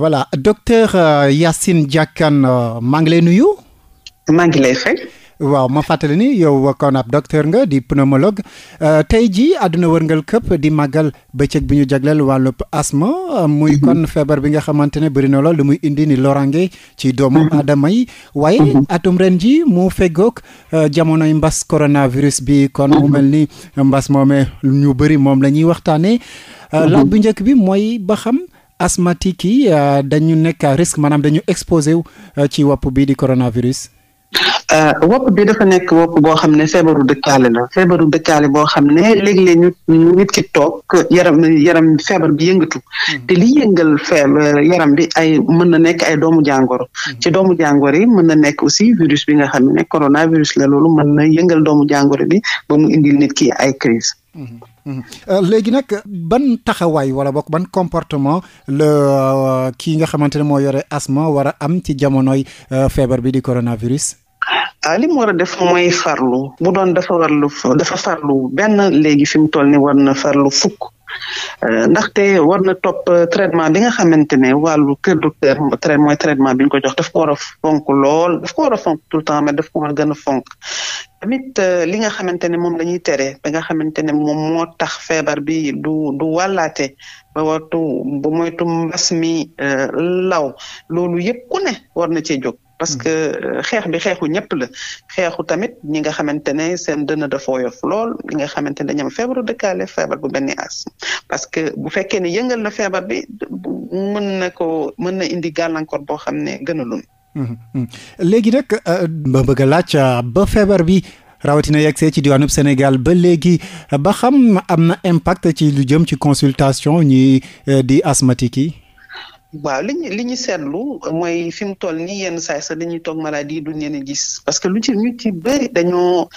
voilà docteur euh, Yacine Diakane euh, maa ngi lay nuyu. maa ngi lay fay. waaw ma fàttali ni yow kon ab docteur nga di pneumologue euh, tey jii àdduna wërngal këpp di màggal bëccëg bi ñu jagleel wàllub asma muy mhm. kon feebar bi nga xamante ne bëri na lool lu muy indi ni lorange ci doomu mhm. aadama yi waaye mhm. atum ren ji mu fegook jamonoy mbas coronavirus bi kon mu mel ni mbas moomee ñu bëri moom lañuy ñuy waxtaanee. laaj bu njëkk bi mooy ba xam. asthmatique yi euh, dañu nekk à risque maanaam dañu exposé wu euh, ci wopp bi di coronavirus. Euh, wopp bi dafa nekk wopp boo xam ne feebaru dëkkaale la feebaru dëkkaale boo xam ne léeg-léeg ñu nit ki toog yaram yaram feebar bi yëngatu hmm. te li yëngal feebar yaram bi ay mën na nekk ay doomu jàngoro hmm. ci doomu jàngoro yi mën na nekk aussi virus bi nga xam ne coronavirus la loolu mën na yëngal doomu jàngoro bi ba mu indil nit ki ay crise hmm. Euh, léegi nag ban taxawaay wala bokk ban comportement la euh, kii nga xamante ne moo yore asma war a am ci jamonoy euh, feebar bi di coronavirus. Ah, li mu war a def mooy farlu bu doon dafa warlu dafa farlu benn léegi fi mu toll ni war na farlu fukk. Euh, ndaxte war na topp euh, traitement bi nga xamante ne wàllu kër docteur mooy traitement bi ñu ko jox daf ko war fonk lool daf ko war a fonk tout le temps mais def ko war a gën a fonk tamit euh, li nga xamante ne moom la ñuy tere ba nga xamante ne moom moo tax feebar bi du du wàllaate ba wartu ba moytu mbas mi law loolu yëpp ku ne na cee jóg parce mm-hmm. que euh, xeex bi xeexu ñëpp la xeexu tamit ñi nga xamante ne seen dënn de woyof lool ñi nga xamante ne ñoom feebaru dëkkaale feebar bu mel ni asthme parce que bu fekkee ne yëngal na feebar bi mën na ko mën na indi gàllankoor boo xam ne gënalul mm-hmm. léegi nag ba euh, bëgg a laaj euh, ba feebar bi rawatina yegsee ci diwaanub Sénégal ba léegi ba xam am na impact ci lu jëm ci consultation ñi di asthmatique yi waaw li ñu li ñu seetlu mooy fi mu toll nii yenn saay sax dañuy toog maladie yi duñ leen gis parce que lu ci ñu ci bëri dañoo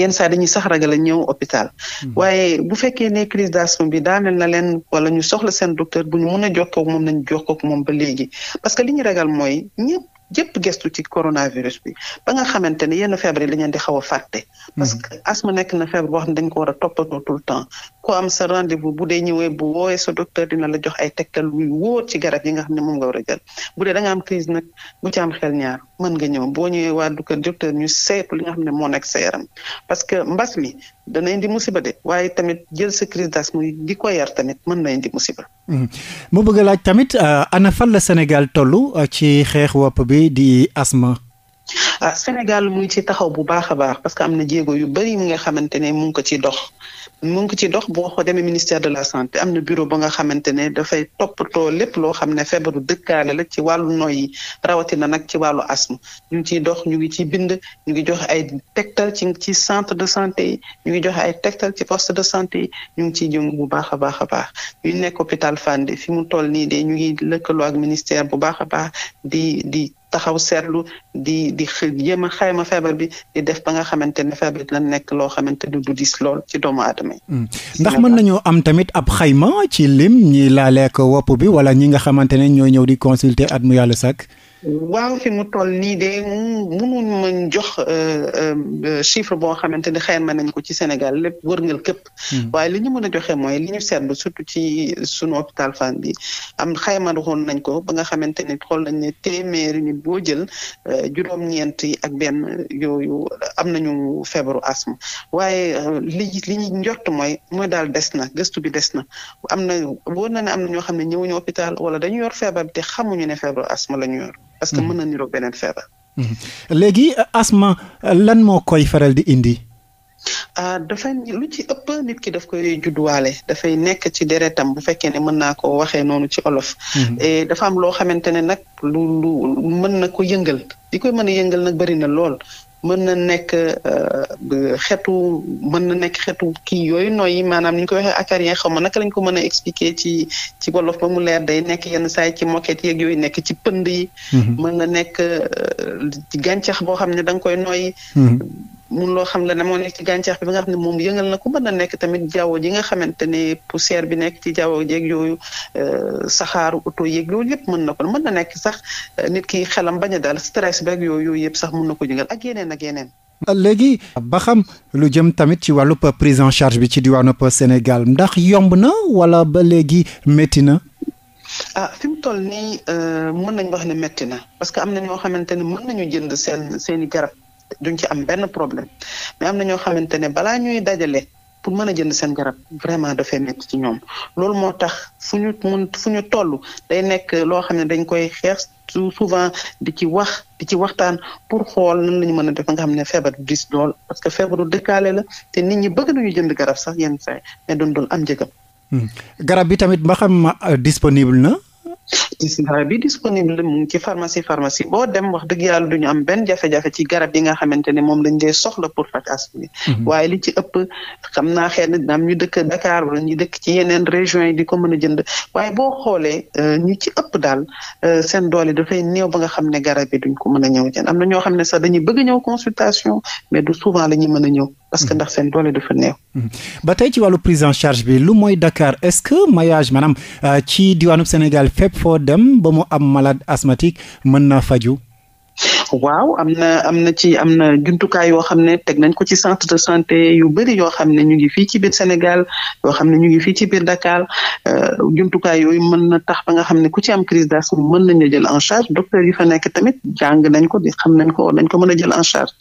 yenn saay dañuy sax ragal a ñëw hôpital. Hmm. waaye bu fekkee ne crise d'asthme daal daaneel la leen wala ñu soxla seen docteur bu ñu mun a jokkoo ak moom nañ jokkoo ak moom ba léegi parce que li ñu ragal mooy ñëpp jëpp gestu ci coronavirus bi ba nga xamante ne yenn feebar yi dañ leen di xaw a fàtte. parce mm-hmm. que asthme nekk na feebar boo xam ne dañ ko war a toppatoo tout le temps ku am sa rendez-vous bu dee ñëwee bu woowee sa docteur dina la jox ay tegtal yu wóor ci garab yi nga xam ne moom nga war a jël bu dee da am crise nag bu ci am xel ñaar mën nga ñëw boo ñëwee waa du kër docteur ñu seetu li nga xam ne moo nekk sa yaram parce que mbas mi dana indi musiba de waaye tamit jël sa crise muy di ko yar tamit mën na indi musiba. Mhm. mu bëgg laaj tamit euh, ana fan la Sénégal toll euh, ci xeex wopp bi di asma ah Sénégal mu ngi ci taxaw bu baax a baax parce que am na jéego yu bëri mi nga xamante ne mu ngi ko ci dox mu ngi ko ci dox boo ko demee ministère de la santé am na bureau ba nga xamante ne dafay toppatoo lépp loo xam ne feebaru dëkkaale la ci wàllu noyyi rawatina nag ci wàllu asm ñu ngi ciy dox ñu ngi ciy bind ñu ngi joxe ay tegtal ci ci centre de santé yi ñu ngi joxe ay tegtal ci poste de santé yi ñu ngi ciy jëngu bu baax a baax a baax ñu nekk hôpital Fandé fi mu toll nii de ñu ngi lëkkaloo ak ministère bu baax a baax di di taxaw seetlu di di jéem a xayma feebar bi di def ba nga xamante ne feebar bi la nekk loo xamante ne du dis lool ci doomu aadama yi. Hmm. ndax mën nañoo am tamit ab xayma ci lim ñi laaleek wopp bi wala ñi nga xamante ne ñoo ñëw di consulter at mu yàlla sàkk. waaw fi mu toll nii de mënuñ mën jox euh, euh, euh, chiffre boo xamante ni xayma nañ ko ci senegal lépp wërngal képp. Hmm. waaye li ñu mën a joxe mooy li ñu seetlu surtout ci sunu hôpital Fann bi am xayma waxoon nañ ko ba nga xamante ni xool nañ ne téeméeri nit boo jël juróom-ñeent yi ak benn yooyu am nañu feebaru asthme waaye li li ñu njort mooy mooy daal des na gëstu bi des na am na wóor na ne am na ñoo xam ne ñëwuñu hôpital wala dañu yor feebar te xamuñu ne feebaru asthme la ñu yor. parce que mhm. mën na niroog beneen feebar. Mhm. léegi asma lan moo koy faral di indi. ah dafay lu ci ëpp nit ki daf koy judduwaale dafay nekk ci deretam bu fekkee ne mën naa ko waxee noonu ci olof. Mhm. dafa am loo xamante ne nag lu lu mën na ko yëngal. di koy mën a yëngal nag bari na lool mën na nekk euh, xeetu mën na nekk xeetu kii yooyu nooyi maanaam niñ ñu koy waxee acarien xaw ma naka lañ ko mën a expliquer ci ci wolof ba mu leer day nekk yenn saay ci moquette yeeg yooyu nekk ci pënd yi mhm. mën na nekk euh, ci gàncax boo xam ne da koy nooyi mhm. mun loo xam la ne moo nekk ci gàncax bi ba nga xam ne moom yëngal na ko mën na nekk tamit jaww ji xamante ne poussière bi nekk ci jaww jeeg yooyu euh, saxaaru oto yeeg loolu yëpp mën na ko mën na nekk sax euh, nit ki xelam bañ a dal stress beeg yooyu yëpp sax mun na ko yëngal ak yeneen ak yeneen. léegi ba xam lu jëm tamit ci wàllub prise en charge bi ci diwaanu Sénégal ndax yomb na wala ba léegi métti na. ah fi mu toll nii euh, mën nañ wax ne métti na parce que am na ñoo xamante ne mën nañu jënd seen seen i garab. duñ ci am benn problème mais am na ñoo xamante ne balaa ñooy dajale pour mën a jënd seen garab vraiment dafay métti ci ñoom loolu moo tax fu ñu mun fu toll day nekk loo xam ne dañ koy xeex souvent di ci wax di ci waxtaan pour xool nan la ñu mën a def nga xam ne feebar du dis lool parce que feebaru dëkkaale la te nit ñi bëgg nañu jënd garab sax yenn saa mais doon doon am njëgam. Hmm. garab bi tamit ba xam euh, disponible na. Tismara bi disponible mu ngi ci pharmacie pharmacie boo dem wax dëgg yàlla duñu am benn jafe-jafe ci garab yi nga xamante ne moom lañ dee soxla pour faj asthme bi mhm. waaye li ci ëpp xam naa xëy na am ñu dëkk Dakar wala ñu dëkk ci yeneen régions yi di ko mën a jënd waaye boo xoolee euh, ñu ci ëpp daal euh, seen doole dafay néew ba nga xam ne garab yi duñ ko mën a ñëw jënd am na ñoo xam ne sax dañuy bëgg ñëw consultation mais du souvent la ñuy mën a ñëw parce que mhm. ndax seen doole dafa néew. Mhm. ba tey ci wàllu prise en charge bi lu mooy Dakar est-ce que maillage maanaam euh, ci diwaanu Sénégal fépp foo dem ba mu am malade asthmatique mën naa faju waaw am na am na ci am na jumtukaay yoo xam ne teg nañ ko ci centre de santé yu bëri yoo xam ne ñu ngi fii ci biir Sénégal yoo xam ne ñu ngi fii ci biir Dakar euh, jumtukaay yooyu mën na tax ba nga xam ne ku ci am crise d'asthme mën nañ jël en charge docteur yi fa nekk tamit jàng nañ ko di xam nañ ko dañ ko mën a jël en charge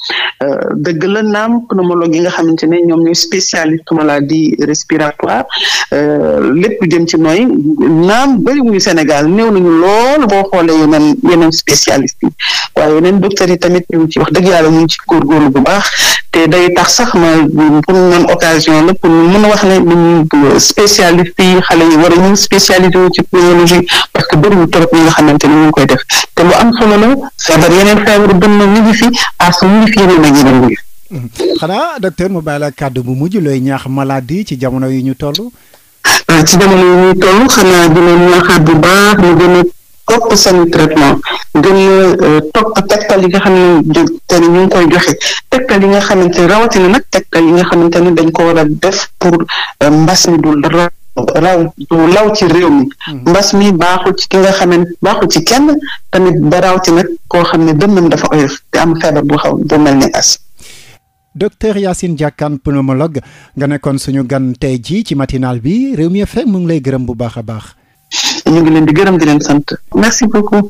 euh, dëgg la naam pneumologue yi nga xamante ne ñoom ñooy spécialiste maladie respiratoire euh, lépp jëm ci nooy naam bëri wuñu Sénégal néew nañu lool boo xoolee yeneen yeneen spécialiste yi waaye ñun yi tamit ñu ci wax dëgg yàlla ñu ngi ci góorgóorlu bu baax te day tax sax ma pour man occasion la a wax ne ñu a ñu spécialisé wu ci pulmonologie parce que bëriwul trop ñi nga ni ñu ngi koy def te am solo la feebar yeneen feebar dënn ñu ngi fi as ñu ngi fi yeneen ak yeneen mhm. mu bàyyi la kàddu bu mujj looy ñaax malade yi ci jamono yi ñu toll. Euh, ci jamono yi ñu toll xanaa dina ñaaxaat bu baax ñu gën topp seen traitement gën la euh, topp tegtal yi nga xam ne te ñu ngi koy joxe tegtal yi nga xamante ne rawatina nag tegtal yi nga xamante ne dañ koo war a def pour euh, mbas mi dul raw du law ci réew mi hmm. mbas mi baaxul ci ki nga xamante baaxul ci kenn tamit ba rawatina koo xam ne dënnam dafa oyof te am feebar bu xaw bu mel ni as docteur Yacine Diakane pneumologue nga nekkoon suñu gan tey jii ci matinal bi Rewmi FM mu ngi lay gërëm bu baax a baax ñu ngi leen di gërëm di leen sant merci beaucoup